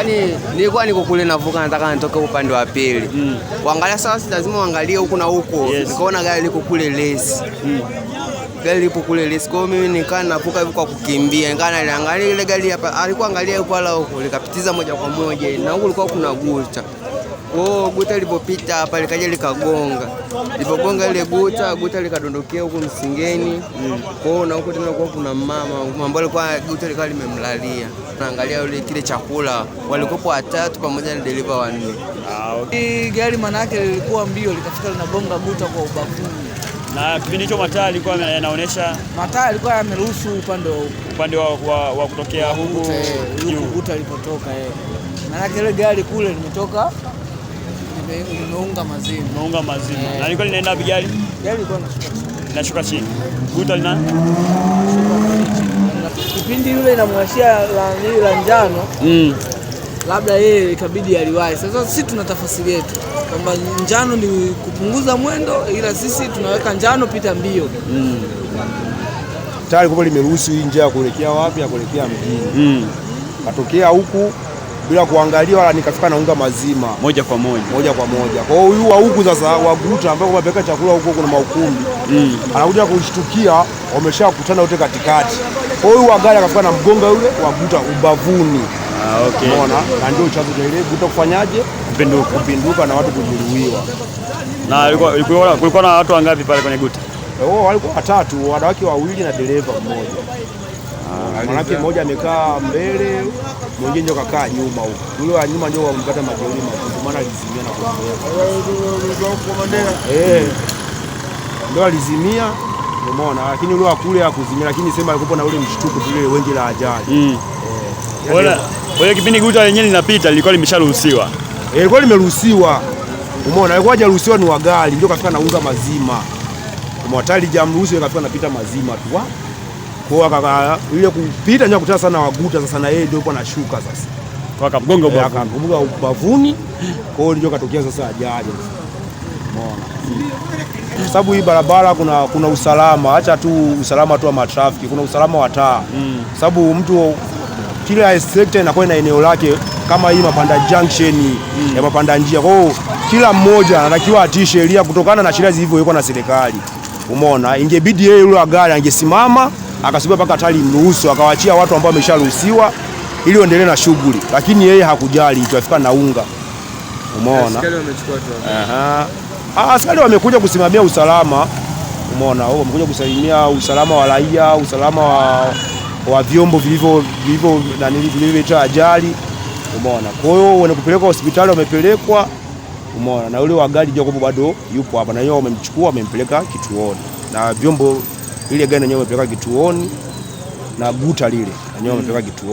yani nilikuwa niko kule navuka, nataka nitoke upande wa pili mm. Kuangalia sawa, si lazima uangalie huku na huko yes. Nikaona gari liko kule lesi mm. Gari lipo kule lesi, kwa mimi nikaa navuka hivi kwa kukimbia, nikaa naliangalia ile gari hapa, alikuwa angalia huko wala huko, likapitiza moja kwa moja, na huku kulikuwa kuna guta Oh, guta lipopita hapa likaja likagonga, lipogonga ile guta, guta likadondokea huko msingeni mm. kwao, na huko tena kwa kuna mama ambaye alikuwa guta likawa limemlalia. Naangalia yule kile chakula, walikopo watatu pamoja na dereva wanne. Ah, okay. Gari manake lilikuwa mbio likafika linagonga guta kwa ubavuni na kipindi hicho mataa alikuwa yanaonyesha, mataa alikuwa yameruhusu upande upande wa, wa, wa kutokea huku eh, guta lilipotoka, eh, Manake ile gari kule limetoka umeunga mazima. Umeunga mazima. Eh. Na liko linaenda wapi gari? Gari liko linashuka chini. Guta lina kipindi yule inamwashia la njano. Mm. Labda yeye ikabidi aliwahi. Sasa sisi tuna tafasiri yetu kwamba njano ni kupunguza mwendo, ila sisi tunaweka njano pita mbio. Mm. Tayari kwa limeruhusu hii njia ya kuelekea wapi? Ya kuelekea mjini. Mm. Katokea huku bila kuangalia wala nikafika na unga mazima moja kwa moja moja kwa moja. Kwa hiyo huyu huku sasa waguta ambao wamepeka chakula huko, kuna maukumbi mm. anakuja kushtukia wameshakutana wote katikati. Kwa hiyo wagali akafika na mgonga yule waguta ubavuni. Ah, okay. Unaona, na ndio chanzo cha ile guta kufanyaje kupinduka, kupinduka na watu kujeruhiwa. Na ilikuwa kulikuwa na watu wangapi pale kwenye guta? Eh, walikuwa watatu, wadawake wawili na dereva mmoja. Ah, manake mmoja amekaa mbele, mwingine kakaa nyuma huko. Yule wa nyuma ndio ampata majeuri makubwa, maana alizimia na kuzoea, eh, ndio alizimia umeona, lakini yule wa kule hakuzimia, lakini sema alikuwa na ule mshtuko vile wengi la ajali. Kwa hiyo kipindi guta lenyewe linapita lilikuwa limesharuhusiwa, eh, ilikuwa limeruhusiwa, umeona. Alikuwa hajaruhusiwa ni wa gari, ndio kafika nauza mazima, umeona, tayari jamruhusu, kafika napita mazima tu kwa kaka ile kupita nje kutana sana waguta sasa, na yeye ndio yuko anashuka sasa, kwa akamgonga ubavuni, kamgonga ubavuni. Kwa hiyo ndio katokea sasa ajali, umeona, kwa sababu hii barabara kuna, kuna usalama, acha tu usalama tu wa matrafiki, kuna usalama wa taa mm. sababu mtu kila sekta inakuwa na eneo lake, kama hii Mapanda Junction mm. ya mapanda njia. Kwa hiyo kila mmoja anatakiwa atii sheria kutokana na sheria zilivyo yuko na serikali, umeona. Ingebidi yeye yule wa gari angesimama akasubia mpaka TARI mruhusu, akawaachia watu ambao wamesharuhusiwa ili waendelee na shughuli, lakini yeye hakujali, tuafika na unga. Umeona askari ah, askari wamekuja kusimamia usalama. Umeona wao oh, wamekuja kusimamia usalama wa raia, usalama wa, wa vyombo vilivyo vilivyo na vilivyoleta ajali. Umeona, kwa hiyo wanakupeleka hospitali, wamepelekwa umeona na yule wa gari japo bado yupo hapa, na yeye wamemchukua wamempeleka kituoni na vyombo ile gari yenyewe imepeleka kituoni na guta lile yenyewe imepeleka kituoni.